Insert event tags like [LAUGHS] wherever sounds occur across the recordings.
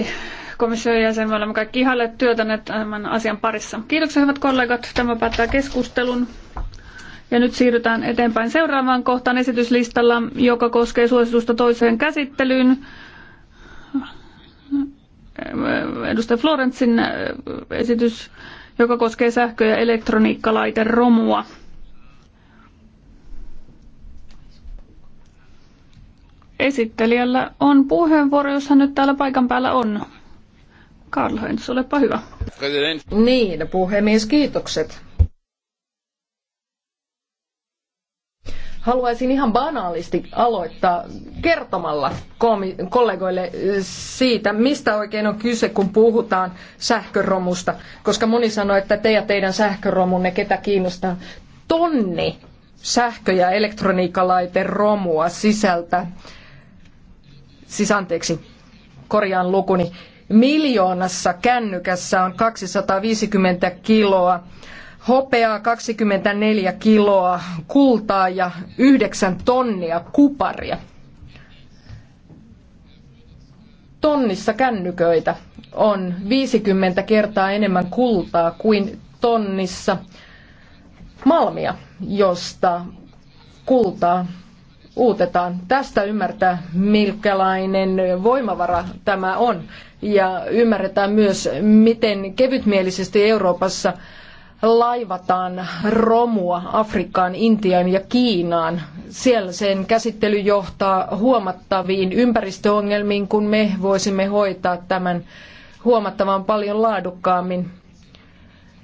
kovasti komission jäsen. Me olemme kaikki ihailleet työtänne tämän asian parissa. Kiitoksia hyvät kollegat. Tämä päättää keskustelun. Ja nyt siirrytään eteenpäin seuraavaan kohtaan esityslistalla, joka koskee suositusta toiseen käsittelyyn. Edustaja Florentsin esitys, joka koskee sähkö- ja elektroniikkalaiteromua. romua. Esittelijällä on puheenvuoro, jos hän nyt täällä paikan päällä on. Karl Heinz, olepa hyvä. President. Niin, puhemies, kiitokset. haluaisin ihan banaalisti aloittaa kertomalla kollegoille eh, siitä, mistä oikein on kyse, kun puhutaan sähköromusta. Koska moni sanoo, että te ja teidän sähköromunne, ketä kiinnostaa. Tonni sähkö- ja elektroniikkalaite romua sisältä siis anteeksi, korjaan lukuni, miljoonassa kännykässä on 250 kiloa hopeaa, 24 kiloa kultaa ja 9 tonnia kuparia. Tonnissa kännyköitä on 50 kertaa enemmän kultaa kuin tonnissa malmia, josta kultaa uutetaan. Tästä ymmärtää, milkälainen voimavara tämä on. Ja ymmärretään myös, miten kevytmielisesti Euroopassa laivataan romua Afrikkaan, Intiaan ja Kiinaan. Siellä sen käsittely johtaa huomattaviin ympäristöongelmiin, kun me voisimme hoitaa tämän huomattavan paljon laadukkaammin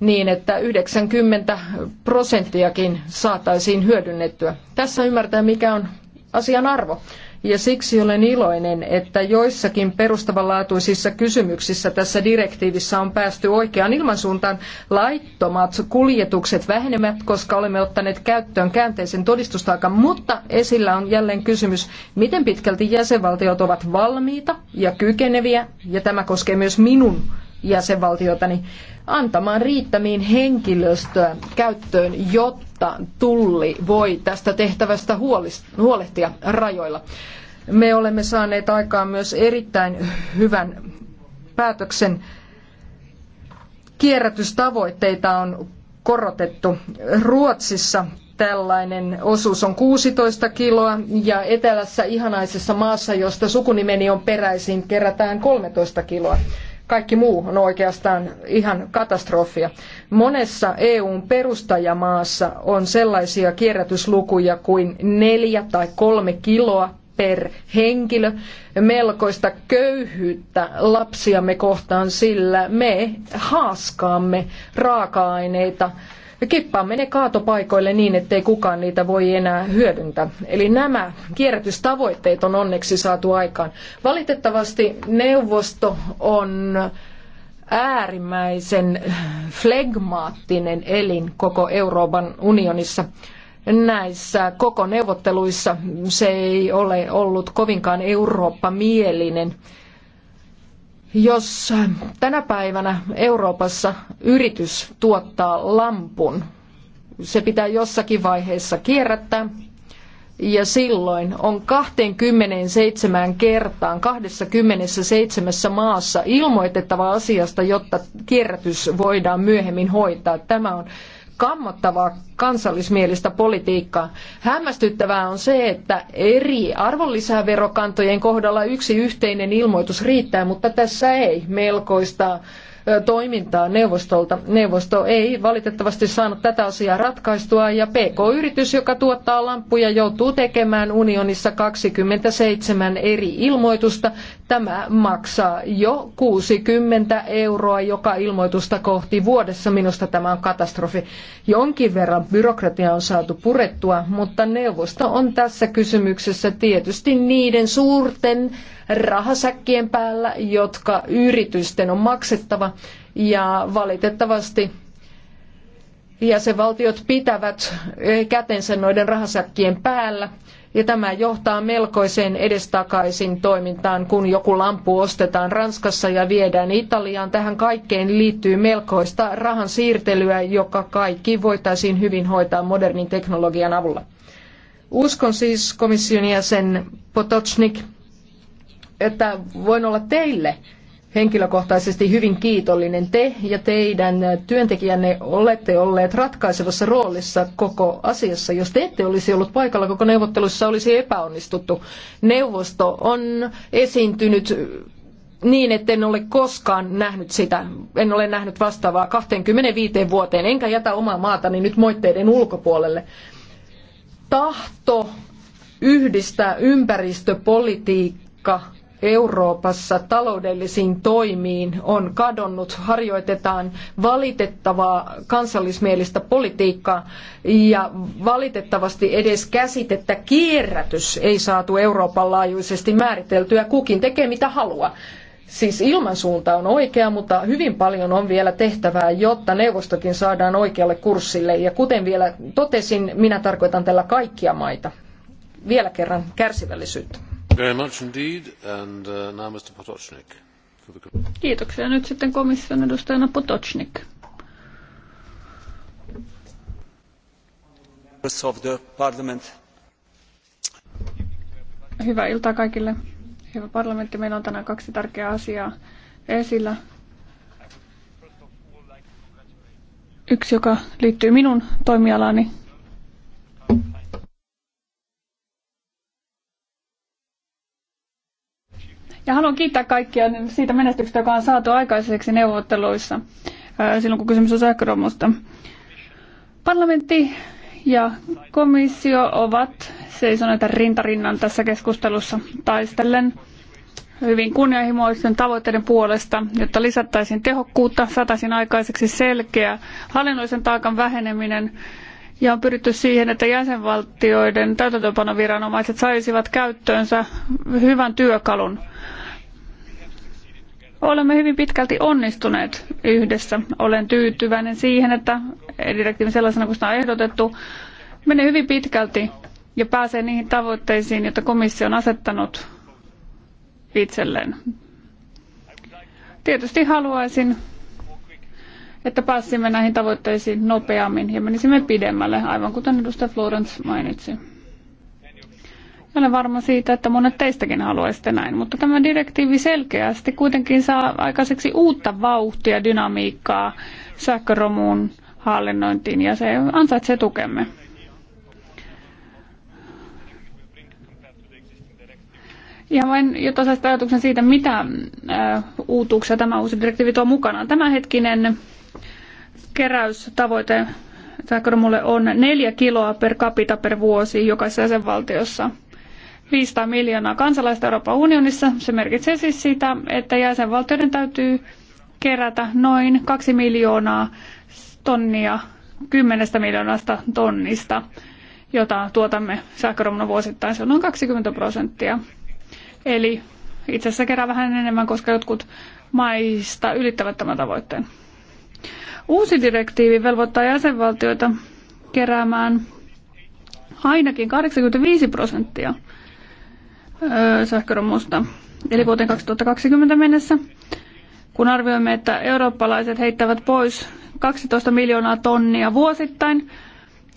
niin, että 90 prosenttiakin saataisiin hyödynnettyä. Tässä ymmärtää, mikä on asian arvo. Ja siksi olen iloinen, että joissakin perustavanlaatuisissa kysymyksissä tässä direktiivissä on päästy oikeaan ilmansuuntaan. Laittomat kuljetukset vähenevät, koska olemme ottaneet käyttöön käänteisen todistustaakan, mutta esillä on jälleen kysymys, miten pitkälti jäsenvaltiot ovat valmiita ja kykeneviä, ja tämä koskee myös minun jäsenvaltiotani antamaan riittämiin henkilöstöä käyttöön, jotta tulli voi tästä tehtävästä huolehtia rajoilla. Me olemme saaneet aikaan myös erittäin hyvän päätöksen. Kierrätystavoitteita on korotettu. Ruotsissa tällainen osuus on 16 kiloa ja etelässä ihanaisessa maassa, josta sukunimeni on peräisin, kerätään 13 kiloa kaikki muu on oikeastaan ihan katastrofia. Monessa EUn perustajamaassa on sellaisia kierrätyslukuja kuin neljä tai kolme kiloa per henkilö. Melkoista köyhyyttä lapsiamme kohtaan, sillä me haaskaamme raaka-aineita kippaamme ne kaatopaikoille niin, ettei kukaan niitä voi enää hyödyntää. Eli nämä kierrätystavoitteet on onneksi saatu aikaan. Valitettavasti neuvosto on äärimmäisen flegmaattinen elin koko Euroopan unionissa näissä koko neuvotteluissa se ei ole ollut kovinkaan Eurooppa-mielinen. Jos tänä päivänä Euroopassa yritys tuottaa lampun, se pitää jossakin vaiheessa kierrättää, ja silloin on 27 kertaan 27 maassa ilmoitettava asiasta, jotta kierrätys voidaan myöhemmin hoitaa. Tämä on kammottavaa kansallismielistä politiikkaa. Hämmästyttävää on se, että eri arvonlisäverokantojen kohdalla yksi yhteinen ilmoitus riittää, mutta tässä ei melkoista toimintaa neuvostolta. Neuvosto ei valitettavasti saanut tätä asiaa ratkaistua ja PK-yritys, joka tuottaa lamppuja, joutuu tekemään unionissa 27 eri ilmoitusta. Tämä maksaa jo 60 euroa joka ilmoitusta kohti vuodessa. Minusta tämä on katastrofi. Jonkin verran byrokratia on saatu purettua, mutta neuvosto on tässä kysymyksessä tietysti niiden suurten rahasäkkien päällä, jotka yritysten on maksettava ja valitettavasti jäsenvaltiot pitävät kätensä noiden rahasäkkien päällä ja tämä johtaa melkoiseen edestakaisin toimintaan, kun joku lampu ostetaan Ranskassa ja viedään Italiaan. Tähän kaikkeen liittyy melkoista rahan siirtelyä, joka kaikki voitaisiin hyvin hoitaa modernin teknologian avulla. Uskon siis komission jäsen Potocnik, että voin olla teille henkilökohtaisesti hyvin kiitollinen. Te ja teidän työntekijänne olette olleet ratkaisevassa roolissa koko asiassa. Jos te ette olisi ollut paikalla, koko neuvottelussa olisi epäonnistuttu. Neuvosto on esiintynyt niin, en ole koskaan nähnyt sitä. En ole nähnyt vastaavaa 25 vuoteen, enkä jätä omaa maatani nyt moitteiden ulkopuolelle. Tahto yhdistää ympäristöpolitiikka Euroopassa taloudellisiin toimiin on kadonnut, harjoitetaan valitettavaa kansallismielistä politiikkaa ja valitettavasti edes käsitettä kierrätys ei saatu Euroopan laajuisesti määriteltyä. Kukin tekee mitä haluaa. Siis ilmansuunta on oikea, mutta hyvin paljon on vielä tehtävää, jotta neuvostokin saadaan oikealle kurssille. Ja kuten vielä totesin, minä tarkoitan tällä kaikkia maita. Vielä kerran kärsivällisyyttä. Uh, Kiitoksia. Nyt sitten komission edustajana Potocnik. Of the parliament. Hyvää iltaa kaikille. Hyvä parlamentti, meillä on tänään kaksi tärkeää asiaa esillä. Yksi, joka liittyy minun toimialaani, Ja haluan kiittää kaikkia siitä menestyksestä, joka on saatu aikaiseksi neuvotteluissa silloin, kun kysymys on sähköromusta. Parlamentti ja komissio ovat seisoneet rintarinnan tässä keskustelussa taistellen hyvin kunnianhimoisten tavoitteiden puolesta, jotta lisättäisiin tehokkuutta, saataisiin aikaiseksi selkeä hallinnollisen taakan väheneminen ja on pyritty siihen, että jäsenvaltioiden täytäntöönpanoviranomaiset saisivat käyttöönsä hyvän työkalun. Olemme hyvin pitkälti onnistuneet yhdessä. Olen tyytyväinen siihen, että direktiivi sellaisena kuin sitä on ehdotettu, menee hyvin pitkälti ja pääsee niihin tavoitteisiin, joita komissio on asettanut itselleen. Tietysti haluaisin että pääsimme näihin tavoitteisiin nopeammin ja menisimme pidemmälle, aivan kuten edustaja Florence mainitsi. Ja olen varma siitä, että monet teistäkin haluaisitte näin, mutta tämä direktiivi selkeästi kuitenkin saa aikaiseksi uutta vauhtia, dynamiikkaa sähköromuun hallinnointiin ja se ansaitsee tukemme. Ja vain jotta saisit ajatuksen siitä, mitä äh, uutuuksia tämä uusi direktiivi tuo mukanaan. Tämänhetkinen keräystavoite sähköromulle on neljä kiloa per capita per vuosi jokaisessa jäsenvaltiossa. 500 miljoonaa kansalaista Euroopan unionissa. Se merkitsee siis sitä, että jäsenvaltioiden täytyy kerätä noin kaksi miljoonaa tonnia kymmenestä miljoonasta tonnista, jota tuotamme sähköromuna vuosittain. Se on noin 20 prosenttia. Eli itse asiassa kerää vähän enemmän, koska jotkut maista ylittävät tämän tavoitteen. Uusi direktiivi velvoittaa jäsenvaltioita keräämään ainakin 85 prosenttia sähköromusta, eli vuoteen 2020 mennessä, kun arvioimme, että eurooppalaiset heittävät pois 12 miljoonaa tonnia vuosittain,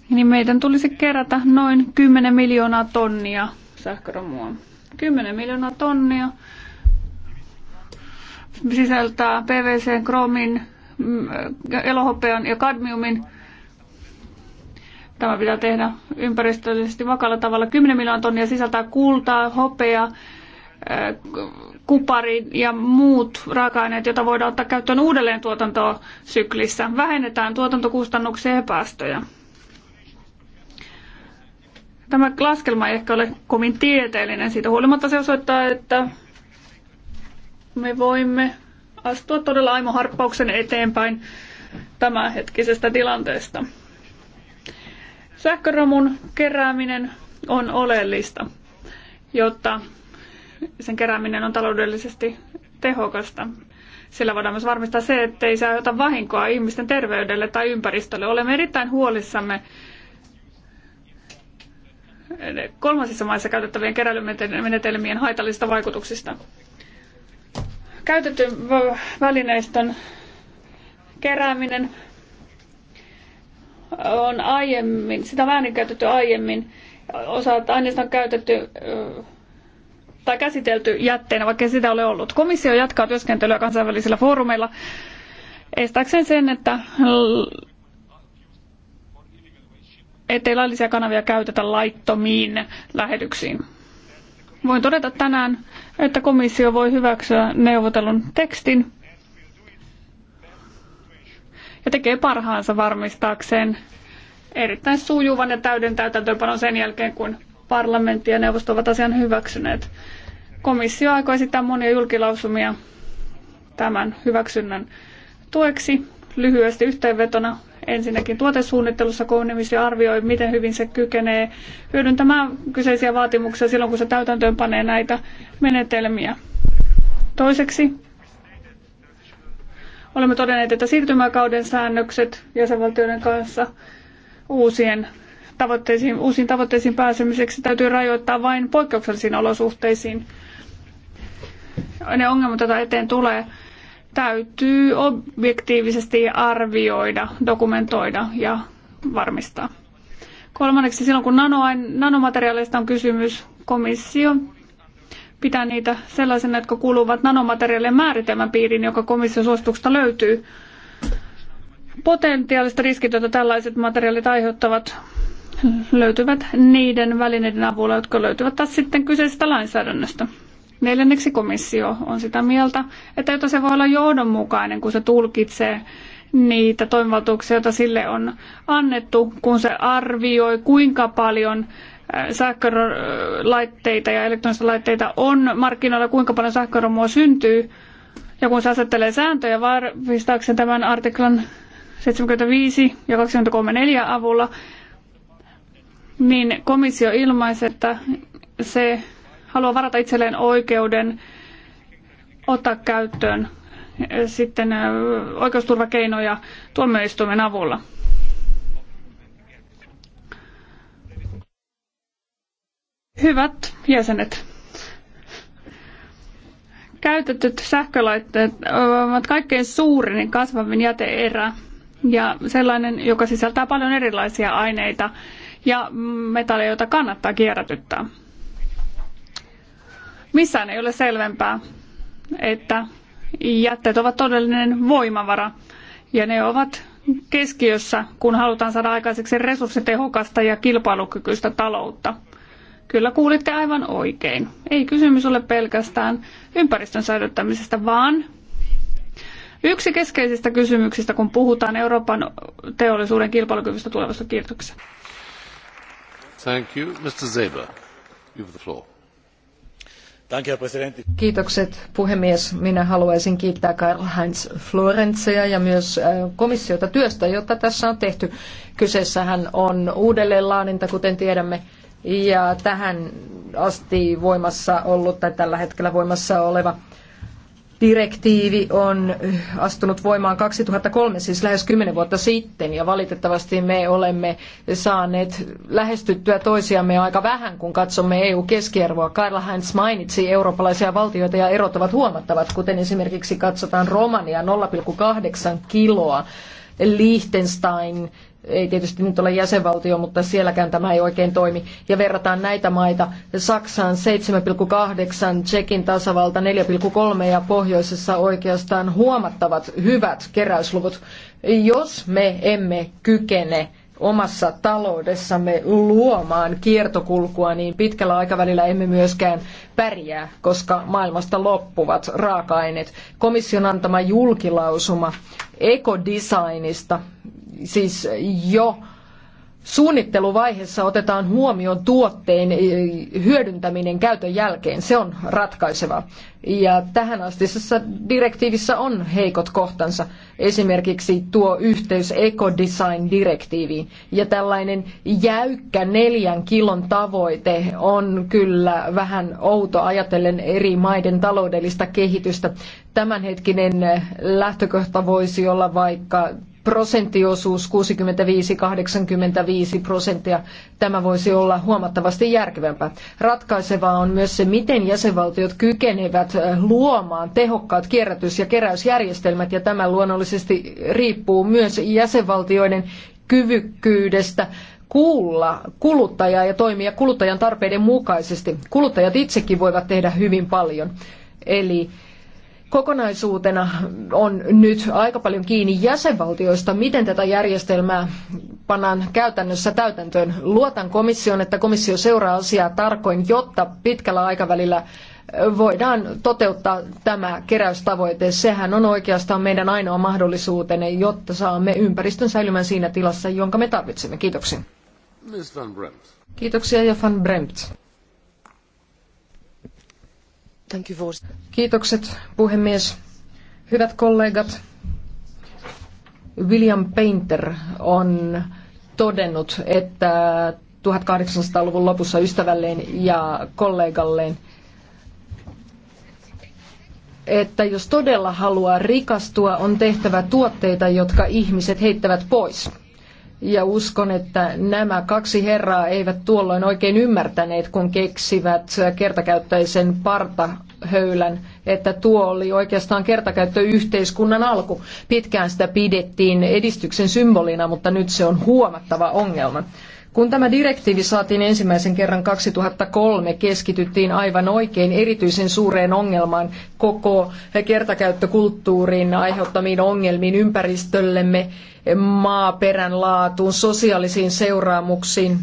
niin meidän tulisi kerätä noin 10 miljoonaa tonnia sähköromua. 10 miljoonaa tonnia sisältää PVC, kromin, Mm, elohopean ja kadmiumin. Tämä pitää tehdä ympäristöllisesti vakalla tavalla. 10 miljoonaa tonnia sisältää kultaa, hopea, äh, kupari ja muut raaka-aineet, joita voidaan ottaa käyttöön uudelleen tuotantosyklissä. Vähennetään tuotantokustannuksia ja päästöjä. Tämä laskelma ei ehkä ole kovin tieteellinen. Siitä huolimatta se osoittaa, että me voimme astua todella aimoharppauksen eteenpäin tämänhetkisestä tilanteesta. Sähköromun kerääminen on oleellista, jotta sen kerääminen on taloudellisesti tehokasta. Sillä voidaan myös varmistaa se, ettei se aiheuta vahinkoa ihmisten terveydelle tai ympäristölle. Olemme erittäin huolissamme kolmansissa maissa käytettävien keräilymenetelmien haitallisista vaikutuksista. Käytetty välineistön kerääminen on aiemmin, sitä on väärin käytetty aiemmin. Osa aineista on käytetty tai käsitelty jätteenä, vaikka sitä ole ollut. Komissio jatkaa työskentelyä kansainvälisillä foorumeilla estääkseen sen, että ettei laillisia kanavia käytetä laittomiin lähetyksiin. Voin todeta tänään, että komissio voi hyväksyä neuvotellun tekstin ja tekee parhaansa varmistaakseen erittäin sujuvan ja täyden täytäntöönpanon sen jälkeen, kun parlamentti ja neuvosto ovat asian hyväksyneet. Komissio aikoo esittää monia julkilausumia tämän hyväksynnän tueksi. Lyhyesti yhteenvetona ensinnäkin tuotesuunnittelussa komissio arvioi, miten hyvin se kykenee hyödyntämään kyseisiä vaatimuksia silloin, kun se täytäntöön panee näitä menetelmiä. Toiseksi olemme todenneet, että siirtymäkauden säännökset jäsenvaltioiden kanssa uusien tavoitteisiin, uusiin tavoitteisiin pääsemiseksi täytyy rajoittaa vain poikkeuksellisiin olosuhteisiin. Ne ongelmat, joita eteen tulee, täytyy objektiivisesti arvioida, dokumentoida ja varmistaa. Kolmanneksi silloin, kun nanomateriaaleista on kysymys, komissio pitää niitä sellaisena, jotka kuuluvat nanomateriaalien määritelmän piiriin, joka komission suosituksesta löytyy. Potentiaaliset riskit, joita tällaiset materiaalit aiheuttavat, löytyvät niiden välineiden avulla, jotka löytyvät taas sitten kyseisestä lainsäädännöstä. Neljänneksi komissio on sitä mieltä, että jotta se voi olla johdonmukainen, kun se tulkitsee niitä toimivaltuuksia, joita sille on annettu, kun se arvioi, kuinka paljon äh, sähkölaitteita ja elektronisia laitteita on markkinoilla, kuinka paljon sähköromua syntyy. Ja kun se asettelee sääntöjä varmistaakseen tämän artiklan 75 ja 23.4 avulla, niin komissio ilmaisi, että se haluaa varata itselleen oikeuden ottaa käyttöön eh, sitten eh, oikeusturvakeinoja tuomioistuimen avulla. Hyvät jäsenet, käytetyt sähkölaitteet ovat kaikkein suurin kasvavin jäteerä ja sellainen, joka sisältää paljon erilaisia aineita ja metalleja, joita kannattaa kierrätyttää. Missään ei ole selvempää, että jätteet ovat todellinen voimavara ja ne ovat keskiössä, kun halutaan saada aikaiseksi resurssitehokasta ja kilpailukykyistä taloutta. Kyllä kuulitte aivan oikein. Ei kysymys ole pelkästään ympäristön säilyttämisestä, vaan yksi keskeisistä kysymyksistä, kun puhutaan Euroopan teollisuuden kilpailukyvystä tulevassa. Kiitoksia. Thank you. Mr. you have the floor. Kiitokset puhemies. Minä haluaisin kiittää Karl-Heinz Florencea ja myös äh, komissiota työstä, jota tässä on tehty. Kyseessähän on uudelleenlaaninta, kuten tiedämme, ja tähän asti voimassa ollut tai tällä hetkellä voimassa oleva Direktiivi on astunut voimaan 2003, siis lähes kymmenen vuotta sitten, ja valitettavasti me olemme saaneet lähestyttyä toisiamme aika vähän, kun katsomme EU-keskiarvoa. Karla Heinz mainitsi eurooppalaisia valtioita, ja erot ovat huomattavat, kuten esimerkiksi katsotaan Romania 0,8 kiloa, Liechtenstein ei tietysti nyt ole jäsenvaltio, mutta sielläkään tämä ei oikein toimi. Ja verrataan näitä maita Saksaan 7,8, Tsekin tasavalta 4,3 ja pohjoisessa oikeastaan huomattavat hyvät keräysluvut. Jos me emme kykene omassa taloudessamme luomaan kiertokulkua, niin pitkällä aikavälillä emme myöskään pärjää, koska maailmasta loppuvat raaka-aineet. Komission antama julkilausuma ekodesignista, siis jo Suunnitteluvaiheessa otetaan huomioon tuotteen eh, hyödyntäminen käytön jälkeen. Se on ratkaiseva. Ja tähän astisessa direktiivissä on heikot kohtansa. Esimerkiksi tuo yhteys ekodesign-direktiiviin. Ja tällainen jäykkä neljän kilon tavoite on kyllä vähän outo ajatellen eri maiden taloudellista kehitystä. Tämänhetkinen eh, lähtökohta voisi olla vaikka prosenttiosuus 65-85 prosenttia. Tämä voisi olla huomattavasti järkevämpää. Ratkaisevaa on myös se, miten jäsenvaltiot kykenevät eh, luomaan tehokkaat kierrätys- ja keräysjärjestelmät, ja tämä luonnollisesti riippuu myös jäsenvaltioiden kyvykkyydestä kuulla kuluttajaa ja toimia kuluttajan tarpeiden mukaisesti. Kuluttajat itsekin voivat tehdä hyvin paljon. Eli kokonaisuutena on nyt aika paljon kiinni jäsenvaltioista, miten tätä järjestelmää pannaan käytännössä täytäntöön. Luotan komission, että komissio seuraa asiaa tarkoin, jotta pitkällä aikavälillä voidaan toteuttaa tämä keräystavoite. Sehän on oikeastaan meidän ainoa mahdollisuutemme, jotta saamme ympäristön säilymään siinä tilassa, jonka me tarvitsemme. Kiitoksia. Kiitoksia ja Van Kiitokset puhemies. Hyvät kollegat, William Painter on todennut, että 1800-luvun lopussa ystävälleen ja kollegalleen, että jos todella haluaa rikastua, on tehtävä tuotteita, jotka ihmiset heittävät pois ja uskon, että nämä kaksi herraa eivät tuolloin oikein ymmärtäneet, kun keksivät kertakäyttäisen partahöylän, että tuo oli oikeastaan kertakäyttöyhteiskunnan alku. Pitkään sitä pidettiin edistyksen symbolina, mutta nyt se on huomattava ongelma. Kun tämä direktiivi saatiin ensimmäisen kerran 2003, keskityttiin aivan oikein erityisen suureen ongelmaan koko kertakäyttökulttuurin aiheuttamiin ongelmiin ympäristöllemme, maaperän laatuun, sosiaalisiin seuraamuksiin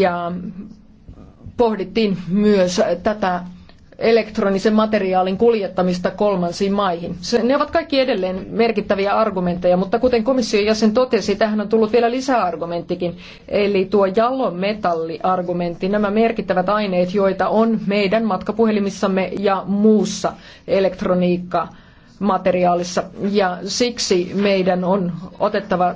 ja pohdittiin myös tätä elektronisen materiaalin kuljettamista kolmansiin maihin. ne ovat kaikki edelleen merkittäviä argumentteja, mutta kuten komission jäsen totesi, tähän on tullut vielä lisäargumenttikin, eli tuo jalometalliargumentti, nämä merkittävät aineet, joita on meidän matkapuhelimissamme ja muussa elektroniikka materiaalissa ja siksi meidän on otettava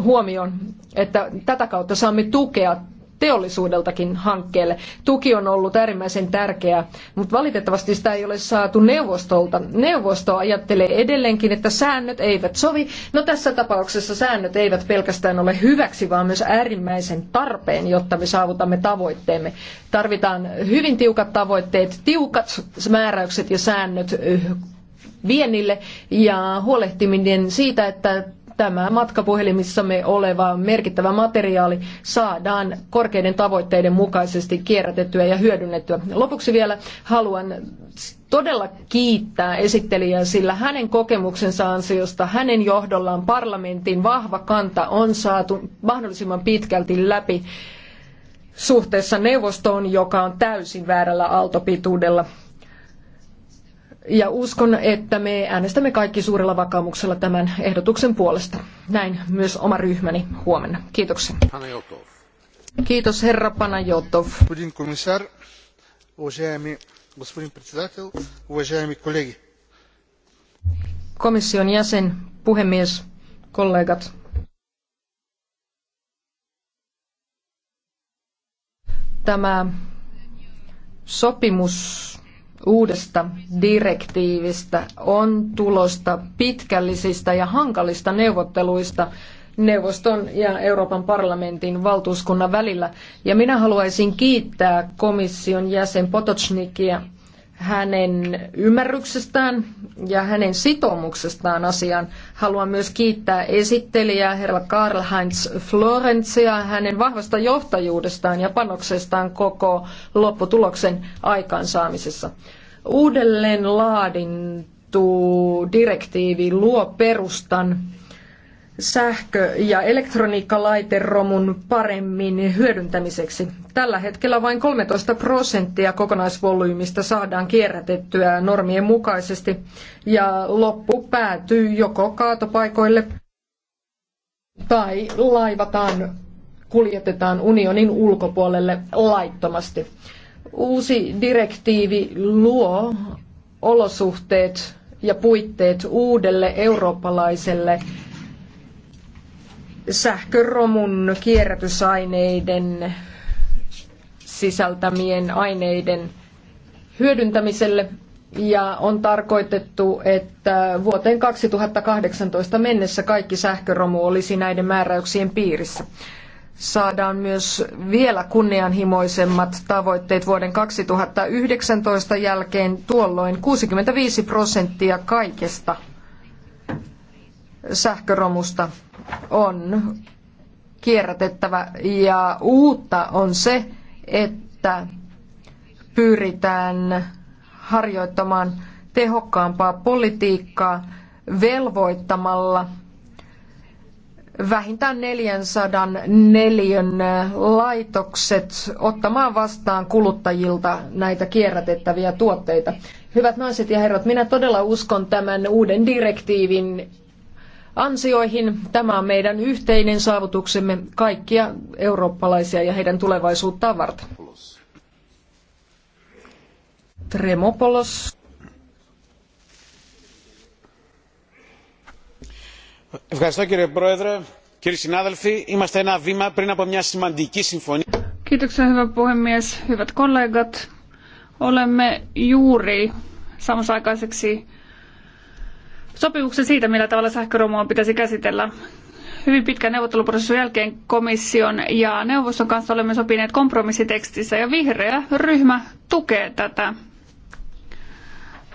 huomioon, että tätä kautta saamme tukea teollisuudeltakin hankkeelle. Tuki on ollut äärimmäisen tärkeää, mutta valitettavasti sitä ei ole saatu neuvostolta. Neuvosto ajattelee edelleenkin, että säännöt eivät sovi. No tässä tapauksessa säännöt eivät pelkästään ole hyväksi, vaan myös äärimmäisen tarpeen, jotta me saavutamme tavoitteemme. Tarvitaan hyvin tiukat tavoitteet, tiukat määräykset ja säännöt viennille ja huolehtiminen siitä, että tämä matkapuhelimissamme oleva merkittävä materiaali saadaan korkeiden tavoitteiden mukaisesti kierrätettyä ja hyödynnettyä. Lopuksi vielä haluan todella kiittää esittelijää, sillä hänen kokemuksensa ansiosta, hänen johdollaan parlamentin vahva kanta on saatu mahdollisimman pitkälti läpi suhteessa neuvostoon, joka on täysin väärällä aaltopituudella. Ja uskon, että me äänestämme kaikki suurella vakaumuksella tämän ehdotuksen puolesta. Näin myös oma ryhmäni huomenna. Kiitoksia. Kiitos herra Panajotov. Komission jäsen, puhemies, kollegat. Tämä sopimus uudesta direktiivistä on tulosta pitkällisistä ja hankalista neuvotteluista neuvoston ja Euroopan parlamentin valtuuskunnan välillä. Ja minä haluaisin kiittää komission jäsen Potocnikia hänen ymmärryksestään ja hänen sitoumuksestaan asiaan. Haluan myös kiittää esittelijää herra Karl-Heinz Florencia hänen vahvasta johtajuudestaan ja panoksestaan koko lopputuloksen aikaansaamisessa. Uudelleen laadintu direktiivi luo perustan sähkö- ja elektroniikkalaiteromun paremmin hyödyntämiseksi. Tällä hetkellä vain 13 prosenttia kokonaisvolyymista saadaan kierrätettyä normien mukaisesti ja loppu päätyy joko kaatopaikoille tai laivataan, kuljetetaan unionin ulkopuolelle laittomasti. Uusi direktiivi luo olosuhteet ja puitteet uudelle eurooppalaiselle sähköromun kierrätysaineiden sisältämien aineiden hyödyntämiselle ja on tarkoitettu, että vuoteen 2018 mennessä kaikki sähköromu olisi näiden määräyksien piirissä. Saadaan myös vielä kunnianhimoisemmat tavoitteet vuoden 2019 jälkeen. Tuolloin 65 prosenttia kaikesta sähköromusta on kierrätettävä ja uutta on se, että pyritään harjoittamaan tehokkaampaa politiikkaa velvoittamalla vähintään 400 neliön laitokset ottamaan vastaan kuluttajilta näitä kierrätettäviä tuotteita. Hyvät naiset ja herrat, minä todella uskon tämän uuden direktiivin ansioihin. Tämä on meidän yhteinen saavutuksemme kaikkia eurooppalaisia ja heidän tulevaisuuttaan varten. Tremopolos. Ευχαριστώ κύριε Πρόεδρε. Κύριοι συνάδελφοι, είμαστε ένα βήμα πριν από μια σημαντική συμφωνία. Kiitoksia hyvä puhemies, hyvät kollegat. Olemme juuri samassa aikaiseksi sopimuksen siitä, millä tavalla sähköromua pitäisi käsitellä. Hyvin pitkän neuvotteluprosessin jälkeen komission ja neuvoston kanssa olemme sopineet kompromissitekstissä ja vihreä ryhmä tukee tätä.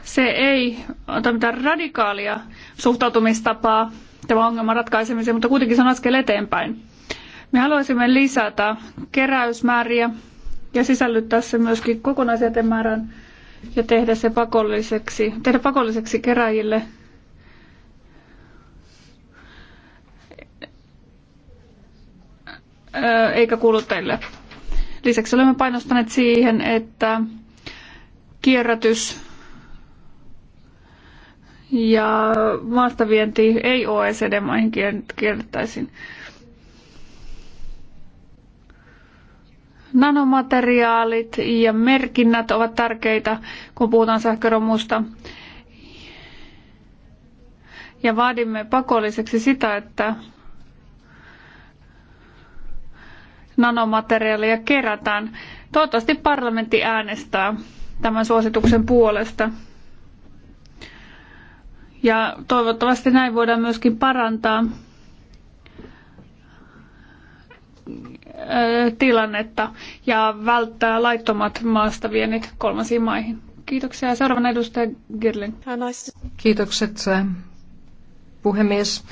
Se ei ota mitään radikaalia suhtautumistapaa tämä ongelman ratkaisemiseen, mutta kuitenkin se on askel eteenpäin. Me haluaisimme lisätä keräysmääriä ja sisällyttää se myöskin kokonaisjätemäärän ja tehdä se pakolliseksi, tehdä pakolliseksi keräjille eikä kuluttajille. Lisäksi olemme painostaneet siihen, että kierrätys ja maastavienti ei OECD-maihin kierrättäisiin. Nanomateriaalit ja merkinnät ovat tärkeitä, kun puhutaan sähköromusta. Ja vaadimme pakolliseksi sitä, että nanomateriaalia kerätään. Toivottavasti parlamentti äänestää tämän suosituksen puolesta. Ja toivottavasti näin voidaan myöskin parantaa äh, tilannetta ja välttää laittomat maastaviennit kolmansiin maihin. Kiitoksia. Seuraavana edustaja Girling. Kiitokset äh, puhemies.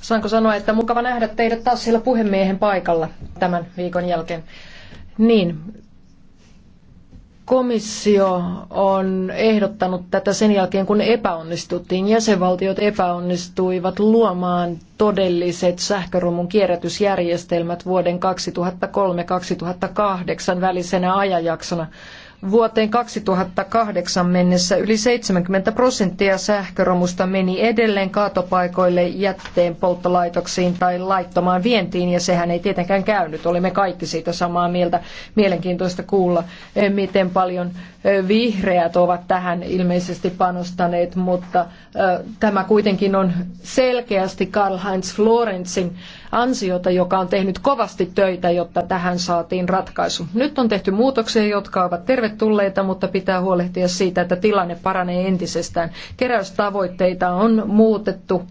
Saanko sanoa, että mukava nähdä teidät taas siellä puhemiehen paikalla tämän viikon jälkeen. Niin, komissio on ehdottanut tätä sen jälkeen, kun epäonnistuttiin. Jäsenvaltiot epäonnistuivat luomaan todelliset sähkörumun kierrätysjärjestelmät vuoden 2003-2008 välisenä ajanjaksona. Vuoteen 2008 mennessä yli 70 prosenttia sähköromusta meni edelleen kaatopaikoille, jätteen polttolaitoksiin tai laittomaan vientiin, ja sehän ei tietenkään käynyt. Olimme kaikki siitä samaa mieltä. Mielenkiintoista kuulla, eh, miten paljon vihreät ovat tähän ilmeisesti panostaneet, mutta tämä kuitenkin on selkeästi Karl-Heinz Florensin ansiota, joka on tehnyt kovasti töitä, jotta tähän saatiin ratkaisu. Nyt on tehty muutoksia, jotka ovat tervetulleita, mutta pitää huolehtia siitä, että tilanne paranee entisestään. Keräystavoitteita on muutettu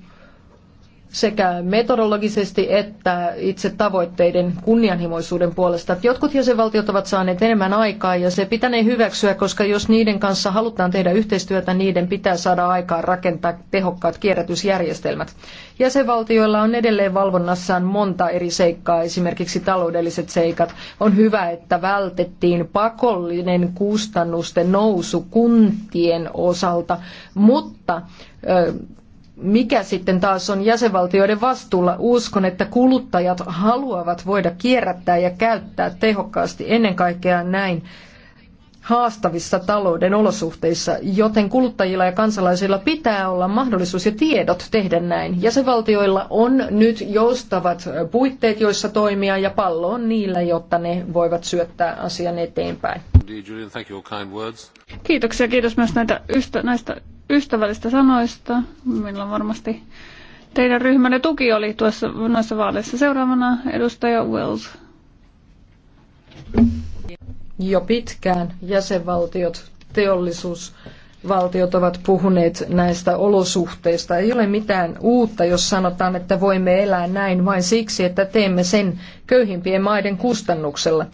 sekä metodologisesti että itse tavoitteiden kunnianhimoisuuden puolesta. Jotkut jäsenvaltiot ovat saaneet enemmän aikaa ja se pitänee hyväksyä, koska jos niiden kanssa halutaan tehdä yhteistyötä, niiden pitää saada aikaan rakentaa tehokkaat kierrätysjärjestelmät. Jäsenvaltioilla on edelleen valvonnassaan monta eri seikkaa, esimerkiksi taloudelliset seikat. On hyvä, että vältettiin pakollinen kustannusten nousu kuntien osalta, mutta mikä sitten taas on jäsenvaltioiden vastuulla. Uskon, että kuluttajat haluavat voida kierrättää ja käyttää tehokkaasti ennen kaikkea näin haastavissa talouden olosuhteissa, joten kuluttajilla ja kansalaisilla pitää olla mahdollisuus ja tiedot tehdä näin. Jäsenvaltioilla on nyt joustavat puitteet, joissa toimia, ja pallo on niillä, jotta ne voivat syöttää asian eteenpäin indeed, Julian. Thank you kind words. Kiitoksia, kiitos myös näitä ystä, näistä ystävällistä sanoista, millä varmasti teidän ryhmänne tuki oli tuossa noissa vaaleissa. Seuraavana edustaja Wells. Jo pitkään jäsenvaltiot, teollisuusvaltiot ovat puhuneet näistä olosuhteista. Ei ole mitään uutta, jos sanotaan, että voimme elää näin vain siksi, että teemme sen köyhimpien maiden kustannuksella.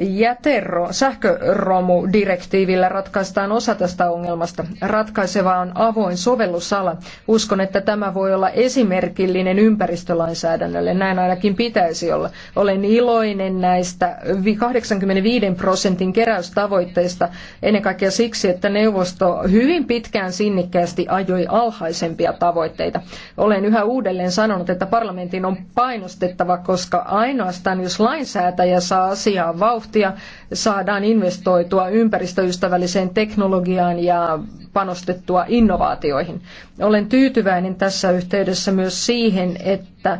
Jätero, sähköromudirektiivillä ratkaistaan osa tästä ongelmasta. Ratkaiseva on avoin sovellusala. Uskon, että tämä voi olla esimerkillinen ympäristölainsäädännölle. Näin ainakin pitäisi olla. Olen iloinen näistä 85 prosentin keräystavoitteista ennen kaikkea siksi, että neuvosto hyvin pitkään sinnikkäästi ajoi alhaisempia tavoitteita. Olen yhä uudelleen sanonut, että parlamentin on painostettava, koska ainoastaan jos lainsäätäjä saa asiaa vauhtia, vauhtia saadaan investoitua ympäristöystävälliseen teknologiaan ja panostettua innovaatioihin. Olen tyytyväinen tässä yhteydessä myös siihen, että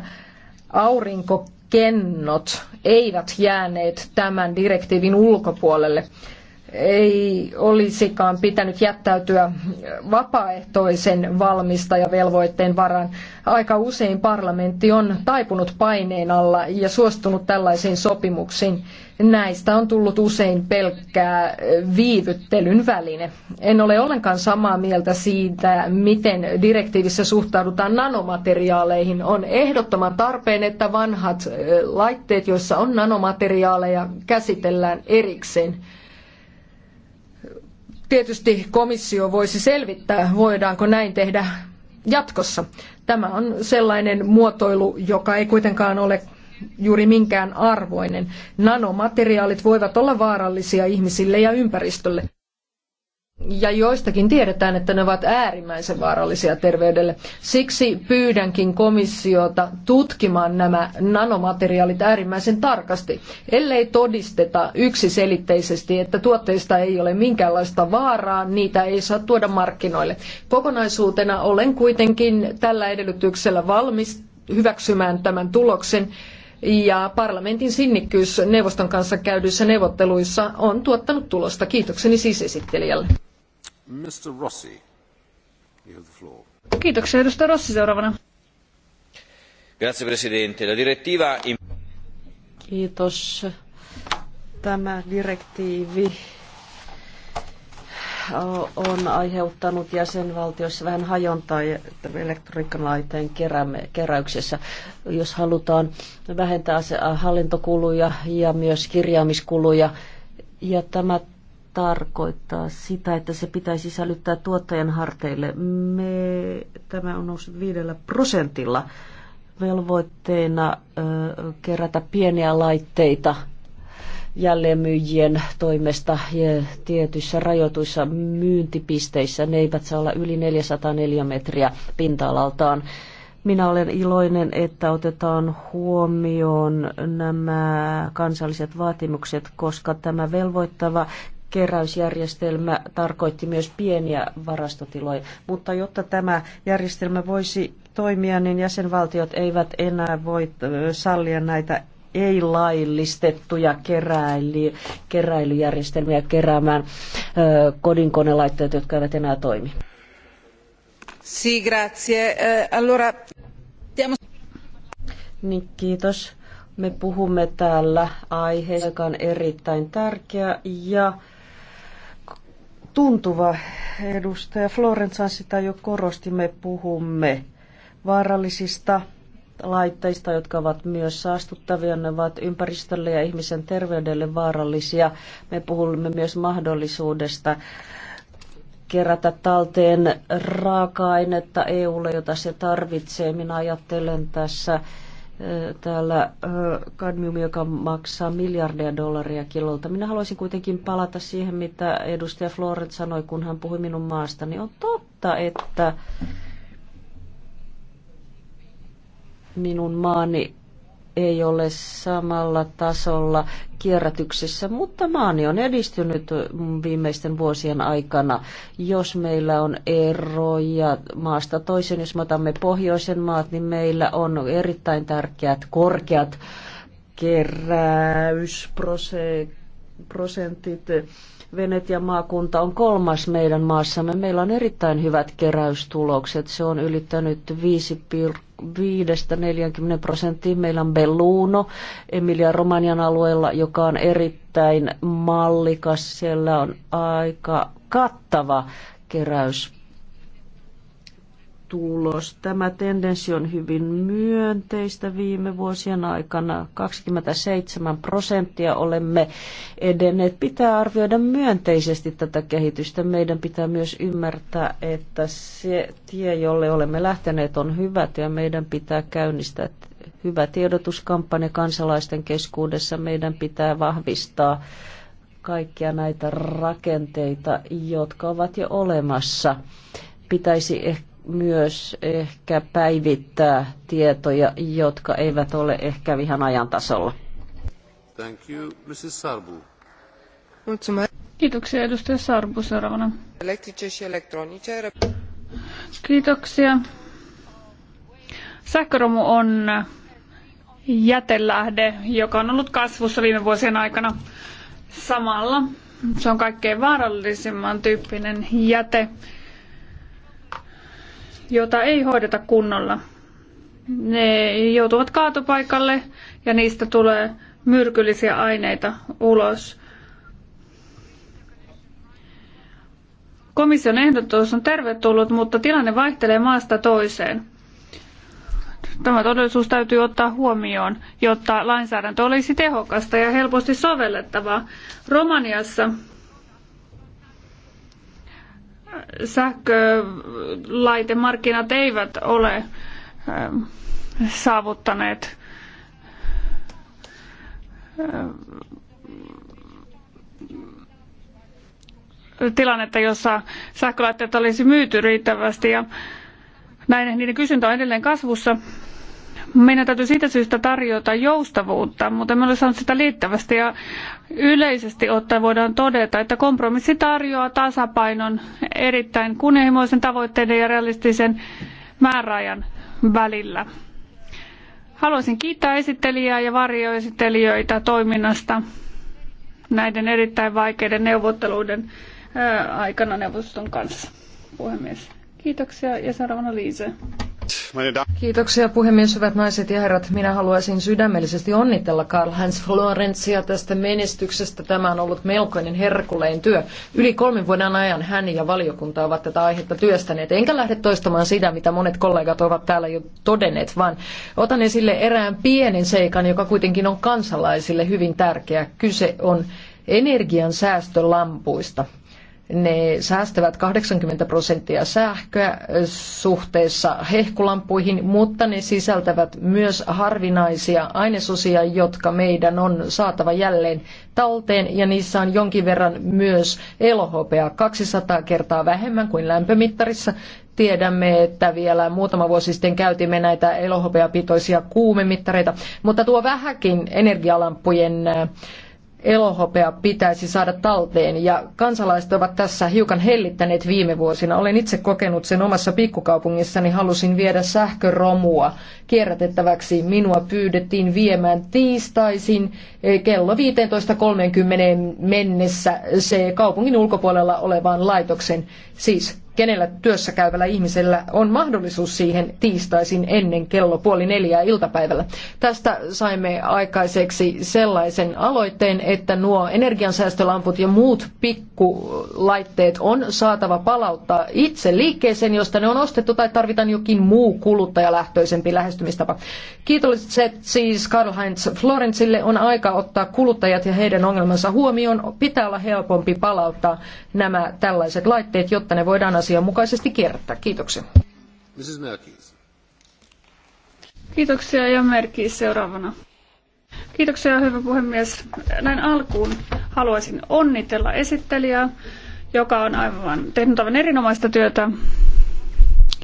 aurinkokennot eivät jääneet tämän direktiivin ulkopuolelle ei olisikaan pitänyt jättäytyä vapaaehtoisen valmistajavelvoitteen varaan. Aika usein parlamentti on taipunut paineen alla ja suostunut tällaisiin sopimuksiin. Näistä on tullut usein pelkkää viivyttelyn väline. En ole ollenkaan samaa mieltä siitä, miten direktiivissä suhtaudutaan nanomateriaaleihin. On ehdottoman tarpeen, että vanhat laitteet, joissa on nanomateriaaleja, käsitellään erikseen. Tietysti komissio voisi selvittää, voidaanko näin tehdä jatkossa. Tämä on sellainen muotoilu, joka ei kuitenkaan ole juuri minkään arvoinen. Nanomateriaalit voivat olla vaarallisia ihmisille ja ympäristölle ja joistakin tiedetään, että ne ovat äärimmäisen vaarallisia terveydelle. Siksi pyydänkin komissiota tutkimaan nämä nanomateriaalit äärimmäisen tarkasti, ellei todisteta yksiselitteisesti, että tuotteista ei ole minkäänlaista vaaraa, niitä ei saa tuoda markkinoille. Kokonaisuutena olen kuitenkin tällä edellytyksellä valmis hyväksymään tämän tuloksen, ja parlamentin sinnikkyys neuvoston kanssa käydyissä neuvotteluissa on tuottanut tulosta. Kiitokseni siis esittelijälle. Mr. Rossi, you have the floor. Kiitoksia, edustaja Rossi seuraavana. Grazie, Presidente. La direttiva... Kiitos. Tämä direktiivi on aiheuttanut jäsenvaltioissa vähän hajontaa elektroniikan keräyksessä, jos halutaan vähentää äh, hallintokuluja ja myös kirjaamiskuluja. Ja tämä tarkoittaa sitä, että se pitäisi sisällyttää tuottajan harteille. Me, tämä on noussut viidellä prosentilla velvoitteena ö, kerätä pieniä laitteita jälleenmyyjien toimesta ja tietyissä rajoituissa myyntipisteissä. Ne eivät saa olla yli 404 metriä pinta-alaltaan. Minä olen iloinen, että otetaan huomioon nämä kansalliset vaatimukset, koska tämä velvoittava keräysjärjestelmä tarkoitti myös pieniä varastotiloja, mutta jotta tämä järjestelmä voisi toimia, niin jäsenvaltiot eivät enää voi sallia näitä ei-laillistettuja keräily, keräilyjärjestelmiä keräämään ö, kodinkonelaitteet, jotka eivät enää toimi. Si, grazie. Eh, allora... Niin, kiitos. Me puhumme täällä aiheesta, joka on erittäin tärkeä ja tuntuva. Edustaja Florentsan sitä jo korosti, me puhumme vaarallisista laitteista, jotka ovat myös saastuttavia, ne ovat ympäristölle ja ihmisen terveydelle vaarallisia. Me puhumme myös mahdollisuudesta kerätä talteen raaka-ainetta EUlle, jota se tarvitsee. Minä ajattelen tässä täällä kadmiumi, joka maksaa miljardeja dollaria kilolta. Minä haluaisin kuitenkin palata siihen, mitä edustaja Florent sanoi, kun hän puhui minun maasta. Niin On totta, että minun maani ei ole samalla tasolla kierrätyksessä, mutta maani on edistynyt viimeisten vuosien aikana. Jos meillä on eroja maasta toiseen, jos me otamme pohjoisen maat, niin meillä on erittäin tärkeät korkeat keräysprosentit Venetian maakunta on kolmas meidän maassamme. Meillä on erittäin hyvät keräystulokset. Se on ylittänyt 5-40 prosenttia. Meillä on Belluno Emilia Romanian alueella, joka on erittäin mallikas. Siellä on aika kattava keräys tulos. Tämä tendenssi on hyvin myönteistä viime vuosien aikana. 27 prosenttia olemme edenneet. Pitää arvioida myönteisesti tätä kehitystä. Meidän pitää myös ymmärtää, että se tie, jolle olemme lähteneet, on hyvä ja meidän pitää käynnistää hyvä tiedotuskampanja kansalaisten keskuudessa. Meidän pitää vahvistaa kaikkia näitä rakenteita, jotka ovat jo olemassa. Pitäisi ehkä myös ehkä päivittää tietoja, jotka eivät ole ehkä ihan ajan tasolla. Thank you, Mrs. Sarbu. Kiitoksia edustaja Sarbu seuraavana. Kiitoksia. Sähköromu on jätelähde, joka on ollut kasvussa viime vuosien aikana samalla. Se on kaikkein vaarallisimman tyyppinen jäte jota ei hoideta kunnolla. Ne joutuvat kaatopaikalle ja niistä tulee myrkyllisiä aineita ulos. Komission ehdotus on tervetullut, mutta tilanne vaihtelee maasta toiseen. Tämä todellisuus täytyy ottaa huomioon, jotta lainsäädäntö olisi tehokasta ja helposti sovellettavaa. Romaniassa sähkölaitemarkkinat eivät ole ähm, saavuttaneet ähm, tilannetta, jossa sähkölaitteet olisi myyty riittävästi ja näin niiden kysyntä on edelleen kasvussa meidän täytyy siitä syystä tarjota joustavuutta, mutta me olemme saaneet sitä liittävästi ja yleisesti ottaen voidaan todeta, että kompromissi tarjoaa tasapainon erittäin kunnianhimoisen tavoitteiden ja realistisen määräajan välillä. Haluaisin kiittää esittelijää ja varjoesittelijöitä toiminnasta näiden erittäin vaikeiden neuvotteluiden aikana neuvoston kanssa. Puhemies, kiitoksia ja seuraavana Liise. Kiitoksia puhemies, hyvät naiset ja herrat. Minä haluaisin sydämellisesti onnitella Karl-Heinz Florencia tästä menestyksestä. Tämä on ollut melkoinen herkulein työ. Yli kolmen vuoden ajan hän ja valiokunta ovat tätä aihetta työstäneet. Enkä lähde toistamaan sitä, mitä monet kollegat ovat täällä jo todenneet, vaan otan esille erään pienen seikan, joka kuitenkin on kansalaisille hyvin tärkeä. Kyse on energiansäästölampuista. Ne säästävät 80 prosenttia sähköä suhteessa hehkulampuihin, mutta ne sisältävät myös harvinaisia ainesosia, jotka meidän on saatava jälleen talteen ja niissä on jonkin verran myös elohopea 200 kertaa vähemmän kuin lämpömittarissa. Tiedämme, että vielä muutama vuosi sitten käytimme näitä elohopeapitoisia kuumemittareita, mutta tuo vähäkin energialampujen elohopea pitäisi saada talteen ja kansalaiset ovat tässä hiukan hellittäneet viime vuosina. Olen itse kokenut sen omassa pikkukaupungissani, halusin viedä sähköromua kierrätettäväksi. Minua pyydettiin viemään tiistaisin eh, kello 15.30 mennessä se kaupungin ulkopuolella olevaan laitoksen, siis kenellä työssä käyvällä ihmisellä on mahdollisuus siihen tiistaisin ennen kello puoli neljää iltapäivällä. Tästä saimme aikaiseksi sellaisen aloitteen, että nuo energiansäästölamput ja muut pikkulaitteet on saatava palauttaa itse liikkeeseen, josta ne on ostettu tai tarvitaan jokin muu kuluttajalähtöisempi lähestymistapa. Kiitolliset siis Karl-Heinz Florentsille on aika ottaa kuluttajat ja heidän ongelmansa huomioon. Pitää olla helpompi palauttaa nämä tällaiset laitteet, jotta ne voidaan asianmukaisesti kierrättää. Kiitoksia. Mrs. Merkis. Kiitoksia ja Merkis seuraavana. Kiitoksia hyvä puhemies. Näin alkuun haluaisin onnitella esittelijää, joka on aivan tehnyt aivan erinomaista työtä.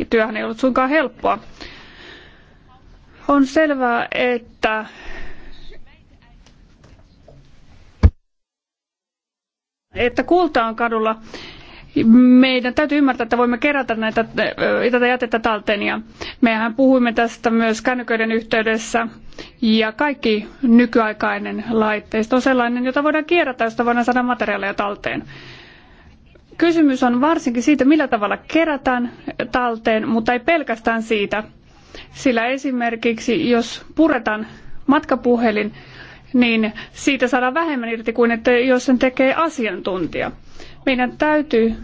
Työhän ei ollut suinkaan helppoa. On selvää, että että kultaan kadulla meidän täytyy ymmärtää, että voimme kerätä näitä, tätä jätettä talteen. Ja mehän puhuimme tästä myös kännyköiden yhteydessä. Ja kaikki nykyaikainen laitteisto on sellainen, jota voidaan kierrätä, josta voidaan saada materiaaleja talteen. Kysymys on varsinkin siitä, millä tavalla kerätään talteen, mutta ei pelkästään siitä. Sillä esimerkiksi, jos puretaan matkapuhelin, niin siitä saadaan vähemmän irti kuin että jos sen tekee asiantuntija. Meidän täytyy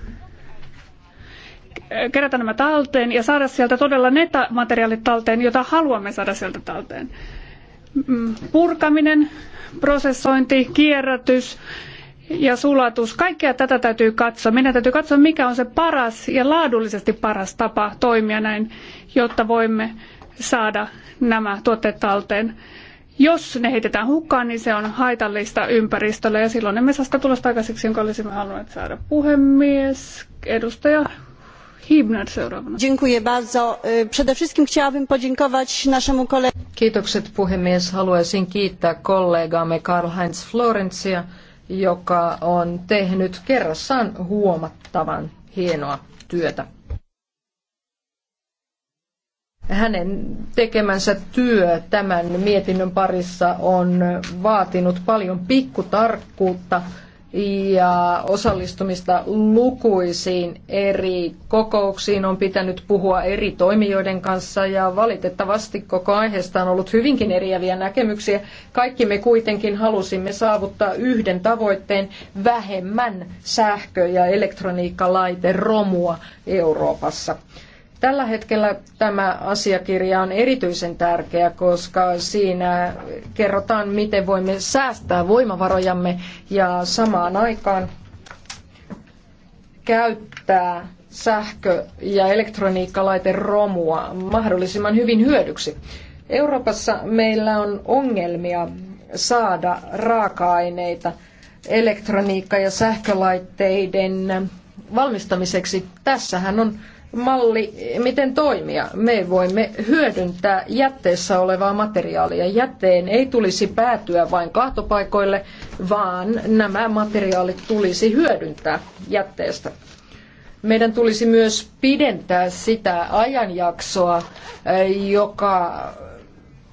kerätä nämä talteen ja saada sieltä todella ne materiaalit talteen, jota haluamme saada sieltä talteen. Mm, purkaminen, prosessointi, kierrätys ja sulatus, kaikkea tätä täytyy katsoa. Meidän täytyy katsoa, mikä on se paras ja laadullisesti paras tapa toimia näin, jotta voimme saada nämä tuotteet talteen. Jos ne heitetään hukkaan, niin se on haitallista ympäristölle ja silloin emme saa sitä tulosta aikaiseksi, jonka olisimme halunneet saada. Puhemies, edustaja Hibner seuraavana. Dziękuję bardzo. Przede wszystkim chciałabym podziękować naszemu koledze. Kiitokset puhemies. Haluaisin kiittää kollegaamme Karl-Heinz Florencia, joka on tehnyt kerrassaan huomattavan hienoa työtä hänen tekemänsä työ tämän mietinnön parissa on vaatinut paljon pikkutarkkuutta ja osallistumista lukuisiin eri kokouksiin on pitänyt puhua eri toimijoiden kanssa ja valitettavasti koko aiheesta on ollut hyvinkin eriäviä näkemyksiä. Kaikki me kuitenkin halusimme saavuttaa yhden tavoitteen vähemmän sähkö- ja elektroniikkalaiteromua Euroopassa. Tällä hetkellä tämä asiakirja on erityisen tärkeä, koska siinä kerrotaan, miten voimme säästää voimavarojamme ja samaan aikaan käyttää sähkö- ja elektroniikkalaiteromua mahdollisimman hyvin hyödyksi. Euroopassa meillä on ongelmia saada raaka-aineita elektroniikka- ja sähkölaitteiden valmistamiseksi. Tässähän on malli, miten toimia. Me voimme hyödyntää jätteessä olevaa materiaalia. Jätteen ei tulisi päätyä vain kahtopaikoille, vaan nämä materiaalit tulisi hyödyntää jätteestä. Meidän tulisi myös pidentää sitä ajanjaksoa, eh, joka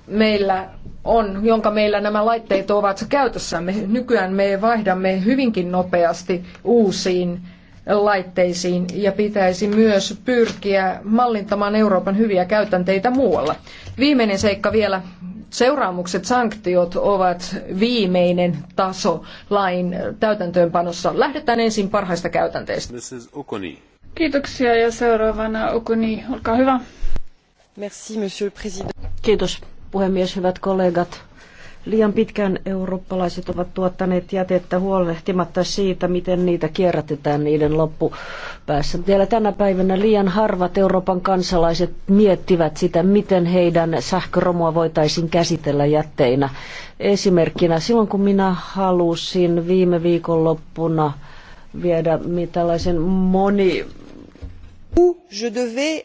meillä on, jonka meillä nämä laitteet ovat käytössämme. Nykyään me vaihdamme hyvinkin nopeasti uusiin laitteisiin ja pitäisi myös pyrkiä mallintamaan Euroopan hyviä käytänteitä muualla. Viimeinen seikka vielä. Seuraamukset, sanktiot ovat viimeinen taso lain täytäntöönpanossa. Lähdetään ensin parhaista käytänteistä. Kiitoksia ja seuraavana O'Koni olkaa hyvä. Merci, monsieur le président. Kiitos puhemies, hyvät kollegat Liian pitkään eurooppalaiset ovat tuottaneet jätettä huolehtimatta siitä, miten niitä kierrätetään niiden loppupäässä. Vielä tänä päivänä liian harvat Euroopan kansalaiset miettivät sitä, miten heidän sähköromua voitaisiin käsitellä jätteinä. Esimerkkinä silloin, kun minä halusin viime viikonloppuna viedä tällaisen moni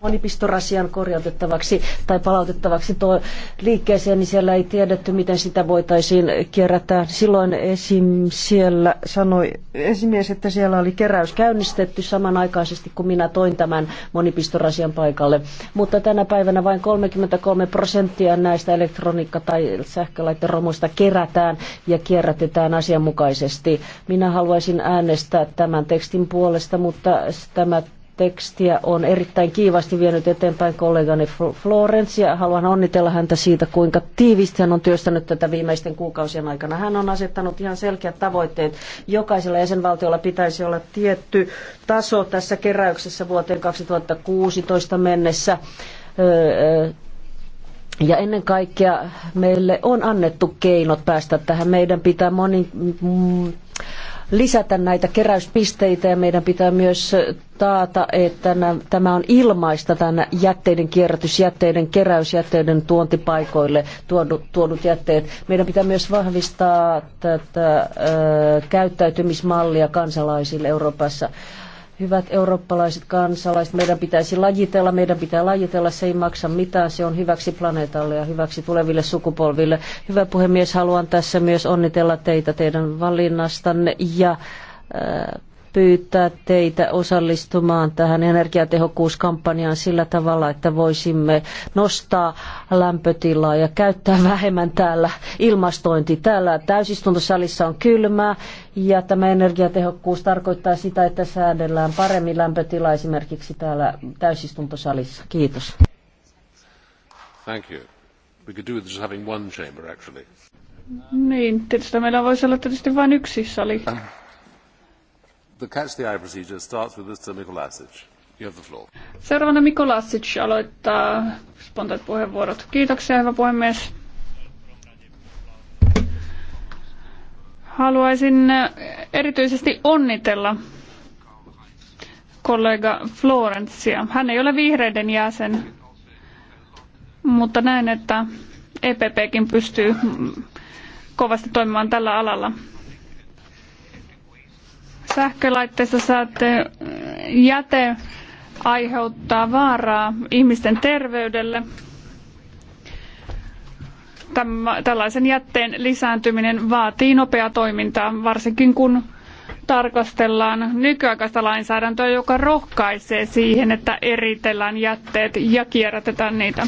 Monipistorasian korjautettavaksi tai palautettavaksi tuo liikkeeseen, niin siellä ei tiedetty, miten sitä voitaisiin kierrättää. Silloin esim. siellä sanoi esimies, että siellä oli keräys käynnistetty samanaikaisesti, kun minä toin tämän monipistorasian paikalle. Mutta tänä päivänä vain 33 prosenttia näistä elektroniikka- tai sähkölaitteen kerätään ja kierrätetään asianmukaisesti. Minä haluaisin äänestää tämän tekstin puolesta, mutta tämä tekstiä on erittäin kiivasti vienyt eteenpäin kollegani Florence ja haluan onnitella häntä siitä, kuinka tiivisti hän on työstänyt tätä viimeisten kuukausien aikana. Hän on asettanut ihan selkeät tavoitteet. Jokaisella jäsenvaltiolla pitäisi olla tietty taso tässä keräyksessä vuoteen 2016 mennessä. Ja ennen kaikkea meille on annettu keinot päästä tähän. Meidän pitää moni, lisätä näitä keräyspisteitä ja meidän pitää myös taata, että tämä on ilmaista tämän jätteiden kierrätys, jätteiden keräys, jätteiden tuontipaikoille tuodut, tuodut jätteet. Meidän pitää myös vahvistaa tätä ö, käyttäytymismallia kansalaisille Euroopassa. Hyvät eurooppalaiset kansalaiset, meidän pitäisi lajitella, meidän pitää lajitella, se ei maksa mitään, se on hyväksi planeetalle ja hyväksi tuleville sukupolville. Hyvä puhemies, haluan tässä myös onnitella teitä teidän valinnastanne ja äh, pyytää teitä osallistumaan tähän energiatehokkuuskampanjaan sillä tavalla, että voisimme nostaa lämpötilaa ja käyttää vähemmän täällä ilmastointi. Täällä täysistuntosalissa on kylmää ja tämä energiatehokkuus tarkoittaa sitä, että säädellään paremmin lämpötila esimerkiksi täällä täysistuntosalissa. Kiitos. Thank you. We could do with just having one chamber actually. Niin, tietysti meillä voisi olla tietysti vain yksi sali. [LAUGHS] Seuraavana Mikolasic aloittaa spontaat puheenvuorot. Kiitoksia, hyvä puhemies. Haluaisin eh, erityisesti onnitella kollega Florencia. Hän ei ole vihreiden jäsen, mutta näen, että EPPkin pystyy mm, kovasti toimimaan tällä alalla sähkölaitteesta saatte jäte aiheuttaa vaaraa ihmisten terveydelle. Tämä, tällaisen jätteen lisääntyminen vaatii nopeaa toimintaa, varsinkin kun tarkastellaan nykyaikaista lainsäädäntöä, joka rohkaisee siihen, että eritellään jätteet ja kierrätetään niitä.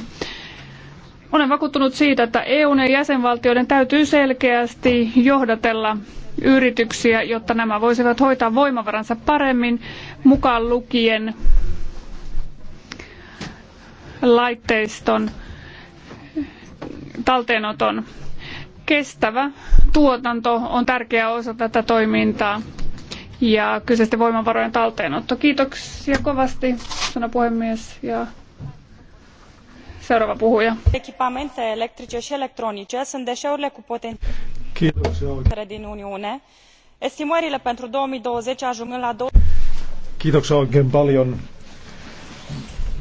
Olen vakuuttunut siitä, että EUn ja jäsenvaltioiden täytyy selkeästi johdatella yrityksiä, jotta nämä voisivat hoitaa voimavaransa paremmin, mukaan lukien laitteiston talteenoton. Kestävä tuotanto on tärkeä osa tätä toimintaa ja kyseisten voimavarojen talteenotto. Kiitoksia kovasti, sana puhemies. Ja seuraava puhuja. și electronice sunt deșeurile cu potențial din Uniune. Estimările pentru 2020 ajungând la... Kiitoksia oikein paljon.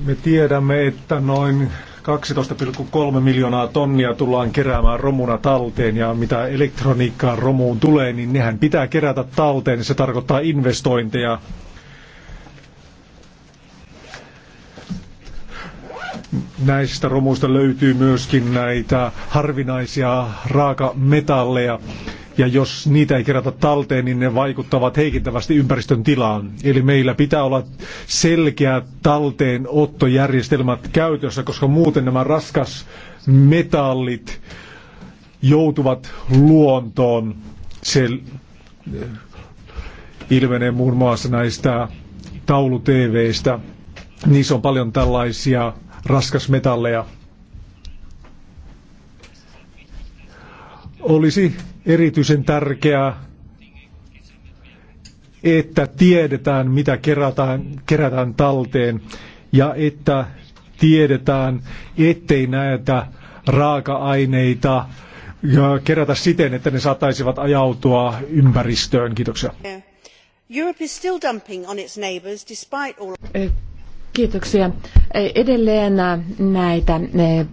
Me tiedämme, että noin 12,3 miljoonaa tonnia tullaan keräämään romuna talteen ja mitä elektroniikkaa romuun tulee, niin nehän pitää kerätä talteen. Se tarkoittaa investointeja näistä romuista löytyy myöskin näitä harvinaisia raakametalleja. Ja jos niitä ei kerätä talteen, niin ne vaikuttavat heikentävästi ympäristön tilaan. Eli meillä pitää olla selkeät talteenottojärjestelmät käytössä, koska muuten nämä raskas metallit joutuvat luontoon. Se eh, ilmenee muun muassa näistä taulu-TVistä. Niissä on paljon tällaisia raskasmetalleja. Olisi erityisen tärkeää, että tiedetään, mitä kerätään, kerätään talteen ja että tiedetään, ettei näitä raaka-aineita kerätä siten, että ne saattaisivat ajautua ympäristöön. Kiitoksia. Europe is still dumping on its neighbours despite all Kiitoksia. E, edelleen näitä e,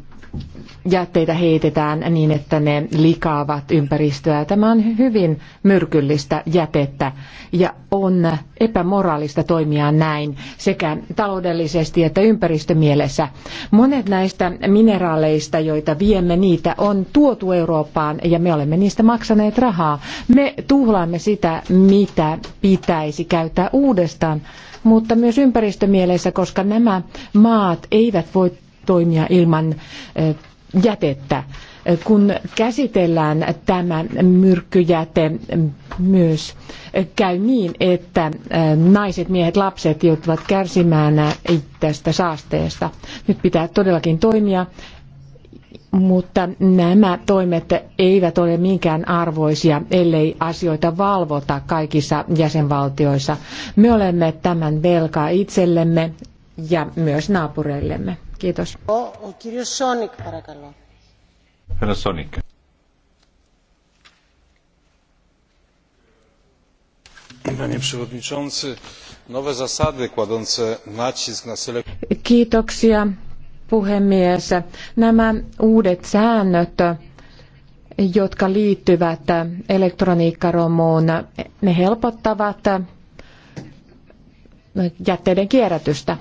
jätteitä heitetään niin, että ne likaavat ympäristöä. Tämä on hyvin myrkyllistä jätettä ja on epämoraalista toimia näin sekä taloudellisesti että ympäristömielessä. Monet näistä mineraaleista, joita viemme, niitä on tuotu Eurooppaan ja me olemme niistä maksaneet rahaa. Me tuhlaamme sitä, mitä pitäisi käyttää uudestaan mutta myös ympäristömielessä, koska nämä maat eivät voi toimia ilman jätettä. Kun käsitellään tämä myrkkyjäte myös, käy niin, että naiset, miehet, lapset joutuvat kärsimään tästä saasteesta. Nyt pitää todellakin toimia mutta nämä toimet eivät ole minkään arvoisia, ellei asioita valvota kaikissa jäsenvaltioissa. Me olemme tämän velkaa itsellemme ja myös naapureillemme. Kiitos. Herra Sonic. Kiitoksia puhemies. Nämä uudet säännöt, jotka liittyvät elektroniikkaromuun, ne helpottavat jätteiden kierrätystä.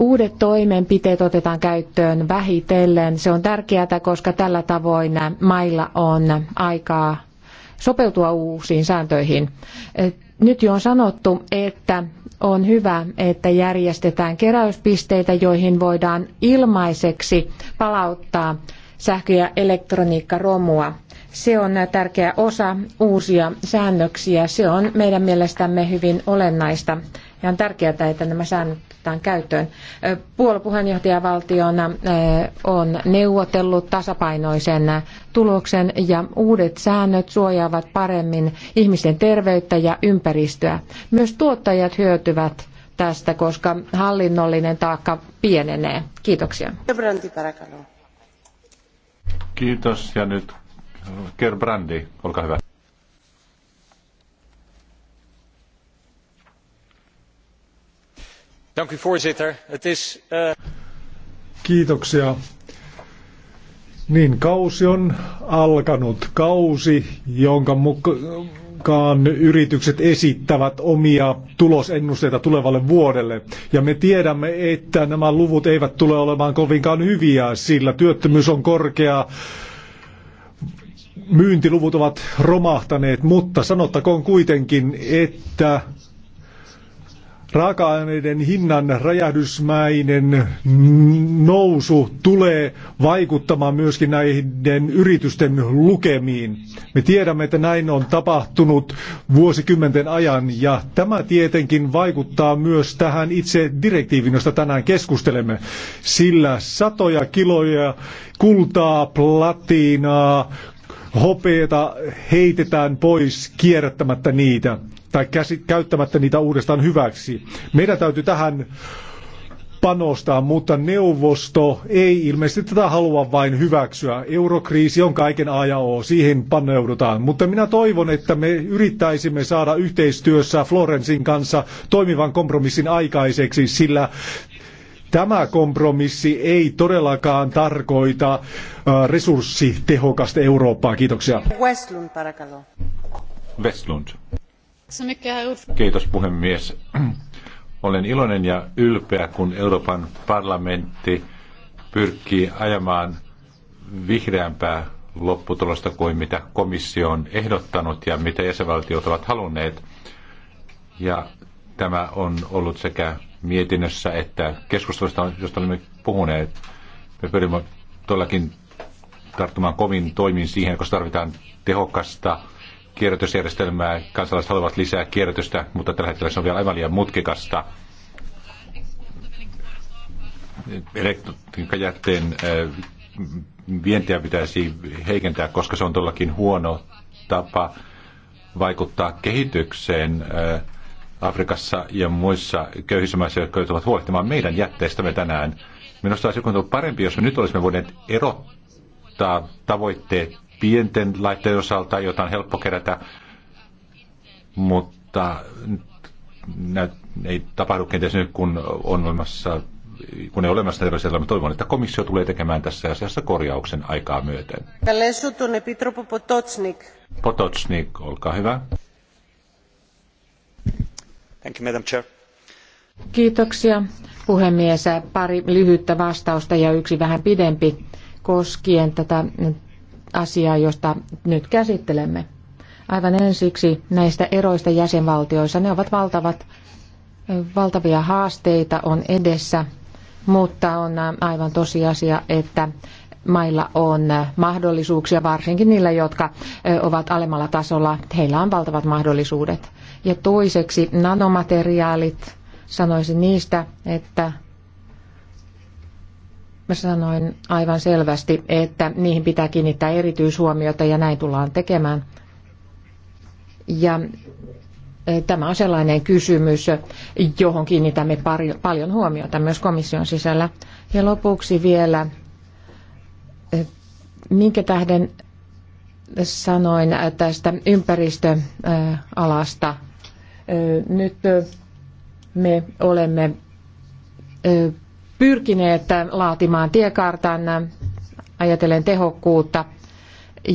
Uudet toimenpiteet otetaan käyttöön vähitellen. Se on tärkeää, koska tällä tavoin mailla on aikaa sopeutua uusiin sääntöihin nyt jo on sanottu, että on hyvä, että järjestetään keräyspisteitä, joihin voidaan ilmaiseksi palauttaa sähkö- ja elektroniikkaromua. Se on tärkeä osa uusia säännöksiä. Se on meidän mielestämme hyvin olennaista ja on tärkeää, että nämä säännöt otetaan käyttöön. Puolupuheenjohtajavaltiona on neuvotellut tasapainoisen tuloksen ja uudet säännöt suojaavat paremmin ihmisten terveyttä ja ympäristöä. Myös tuottajat hyötyvät tästä, koska hallinnollinen taakka pienenee. Kiitoksia. Kiitos ja nyt Gerbrandi, olkaa hyvä. voorzitter. Het is, eh, Kiitoksia. Niin, kausi on alkanut. Kausi, jonka mukaan yritykset esittävät omia tulosennusteita tulevalle vuodelle. Ja me tiedämme, että nämä luvut eivät tule olemaan kovinkaan hyviä, sillä työttömyys on korkea, myyntiluvut ovat romahtaneet, mutta sanottakoon kuitenkin, että Raaka-aineiden hinnan räjähdysmäinen nousu tulee vaikuttamaan myöskin näiden yritysten lukemiin. Me tiedämme, että näin on tapahtunut vuosikymmenten ajan ja tämä tietenkin vaikuttaa myös tähän itse direktiivin, josta tänään keskustelemme, sillä satoja kiloja kultaa, platinaa, hopeeta heitetään pois kierrättämättä niitä tai käyttämättä niitä uudestaan hyväksi. Meidän täytyy tähän panostaa, mutta neuvosto ei ilmeisesti tätä halua vain hyväksyä. Eurokriisi on kaiken A ja O, siihen paneudutaan. Mutta minä toivon, että me yrittäisimme saada yhteistyössä Florensin kanssa toimivan kompromissin aikaiseksi, sillä tämä kompromissi ei todellakaan tarkoita resurssitehokasta Eurooppaa. Kiitoksia. Westlund, parakalo. Westlund. Kiitos puhemies. Olen iloinen ja ylpeä, kun Euroopan parlamentti pyrkii ajamaan vihreämpää lopputulosta kuin mitä komissio on ehdottanut ja mitä jäsenvaltiot ovat halunneet. Ja tämä on ollut sekä mietinnössä että keskustelusta, josta olemme puhuneet. Me pyrimme todellakin tarttumaan kovin toimiin siihen, koska tarvitaan tehokasta kierrätysjärjestelmää. Kansalaiset haluavat lisää kierrätystä, mutta tällä hetkellä se on vielä aivan liian mutkikasta. Elektroniikkajätteen äh, vientiä pitäisi heikentää, koska se on todellakin huono tapa vaikuttaa kehitykseen äh, Afrikassa ja muissa köyhissä maissa, jotka joutuvat huolehtimaan meidän jätteistämme tänään. Minusta olisi ollut parempi, jos me nyt olisimme voineet erottaa tavoitteet pienten laitteiden osalta, joita on helppo kerätä, mutta ei tapahdu kenties nyt, kun on olemassa kun ei ole olemassa terveysjärjestelmä, toivon, että komissio tulee tekemään tässä asiassa korjauksen aikaa myöten. Potocnik, olkaa hyvä. Thank you, Madam Chair. Kiitoksia puhemies. Pari lyhyttä vastausta ja yksi vähän pidempi koskien tätä asiaa, josta nyt käsittelemme. Aivan ensiksi näistä eroista jäsenvaltioissa. Ne ovat valtavat, valtavia haasteita on edessä, mutta on aivan tosiasia, että mailla on mahdollisuuksia, varsinkin niillä, jotka ovat alemmalla tasolla, heillä on valtavat mahdollisuudet. Ja toiseksi nanomateriaalit, sanoisin niistä, että Mä sanoin aivan selvästi, että niihin pitää kiinnittää erityishuomiota ja näin tullaan tekemään. Ja e, tämä on sellainen kysymys, johon kiinnitämme pari, paljon huomiota myös komission sisällä. Ja lopuksi vielä, e, minkä tähden sanoin tästä ympäristöalasta. E, nyt me olemme pyrkineet laatimaan tiekartan ajatellen tehokkuutta.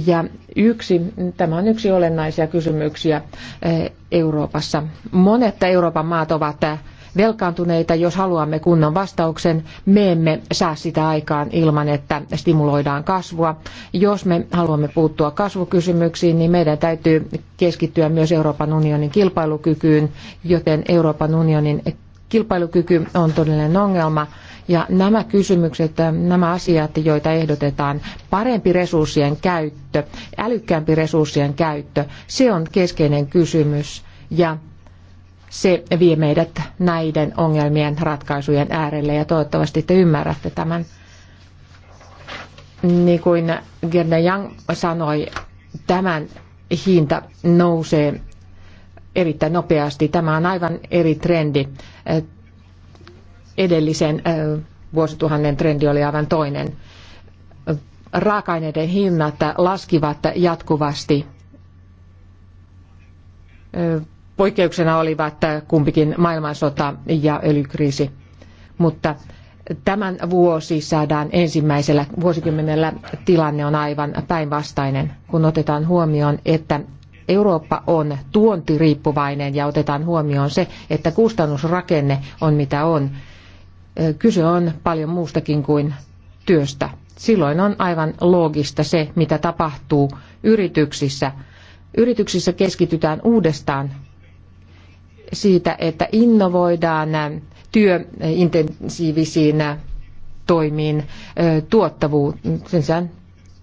Ja yksi, tämä on yksi olennaisia kysymyksiä eh, Euroopassa. Monet Euroopan maat ovat eh, velkaantuneita, jos haluamme kunnon vastauksen, me emme saa sitä aikaan ilman, että stimuloidaan kasvua. Jos me haluamme puuttua kasvukysymyksiin, niin meidän täytyy keskittyä myös Euroopan unionin kilpailukykyyn, joten Euroopan unionin kilpailukyky on todellinen ongelma ja nämä kysymykset, äh, nämä asiat, joita ehdotetaan, parempi resurssien käyttö, älykkäämpi resurssien käyttö, se on keskeinen kysymys. Ja se vie meidät näiden ongelmien ratkaisujen äärelle ja toivottavasti te ymmärrätte tämän. Niin kuin Gerda Young sanoi, tämän hinta nousee erittäin nopeasti. Tämä on aivan eri trendi edellisen vuosituhannen trendi oli aivan toinen. Raaka-aineiden hinnat laskivat jatkuvasti. Poikkeuksena olivat kumpikin maailmansota ja öljykriisi. Mutta tämän vuosisadan ensimmäisellä vuosikymmenellä tilanne on aivan päinvastainen, kun otetaan huomioon, että Eurooppa on tuontiriippuvainen ja otetaan huomioon se, että kustannusrakenne on mitä on kyse on paljon muustakin kuin työstä. Silloin on aivan loogista se, mitä tapahtuu yrityksissä. Yrityksissä keskitytään uudestaan siitä, että innovoidaan työintensiivisiin toimiin tuottavuuteen,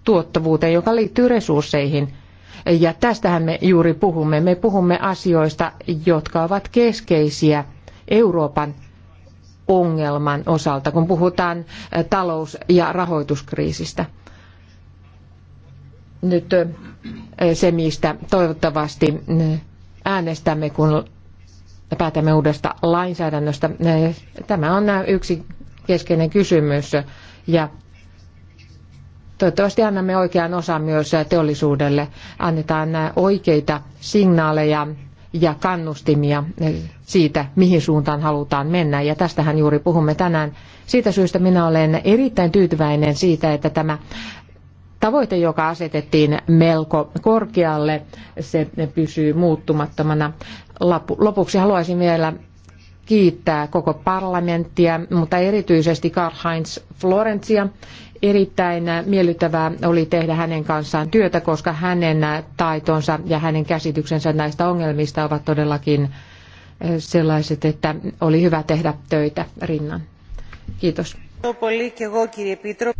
tuottavuuteen, joka liittyy resursseihin. Ja tästähän me juuri puhumme. Me puhumme asioista, jotka ovat keskeisiä Euroopan ongelman osalta, kun puhutaan eh, talous- ja rahoituskriisistä. Nyt eh, se, mistä toivottavasti eh, äänestämme, kun päätämme uudesta lainsäädännöstä. Tämä on yksi keskeinen kysymys ja toivottavasti annamme oikean osan myös teollisuudelle. Annetaan oikeita signaaleja ja kannustimia eh, siitä, mihin suuntaan halutaan mennä. Ja tästähän juuri puhumme tänään. Siitä syystä minä olen erittäin tyytyväinen siitä, että tämä tavoite, joka asetettiin melko korkealle, se pysyy muuttumattomana. Lopuksi haluaisin vielä kiittää koko parlamenttia, mutta erityisesti Karl-Heinz Florencia Erittäin miellyttävää oli tehdä hänen kanssaan työtä, koska hänen taitonsa ja hänen käsityksensä näistä ongelmista ovat todellakin sellaiset, että oli hyvä tehdä töitä rinnan. Kiitos.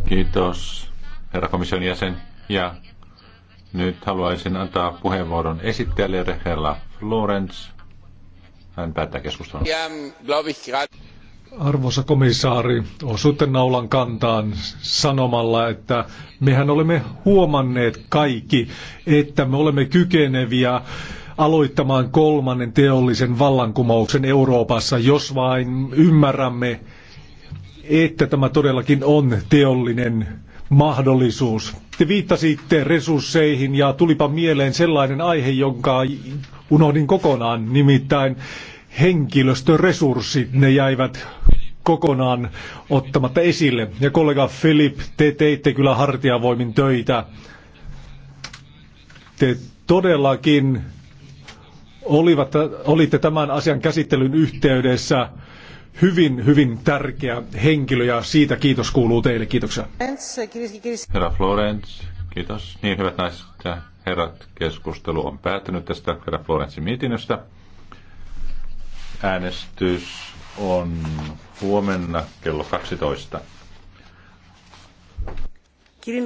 Kiitos, herra komission jäsen. Ja nyt haluaisin antaa puheenvuoron esittäjälle Rehella Florence. Hän päättää keskustelun. Arvoisa komissaari, osuutte naulan kantaan sanomalla, että mehän olemme huomanneet kaikki, että me olemme kykeneviä aloittamaan kolmannen teollisen vallankumouksen Euroopassa, jos vain ymmärrämme, että tämä todellakin on teollinen mahdollisuus. Te viittasitte resursseihin ja tulipa mieleen sellainen aihe, jonka unohdin kokonaan, nimittäin henkilöstöresurssit, ne jäivät kokonaan ottamatta esille. Ja kollega Filip, te teitte kyllä hartiavoimin töitä. Te todellakin olivat, olitte tämän asian käsittelyn yhteydessä hyvin, hyvin tärkeä henkilö ja siitä kiitos kuuluu teille. Kiitoksia. Herra Florence, kiitos. Niin hyvät naiset ja herrat, keskustelu on päättynyt tästä herra Florensin mietinnöstä. Äänestys on huomenna kello 12.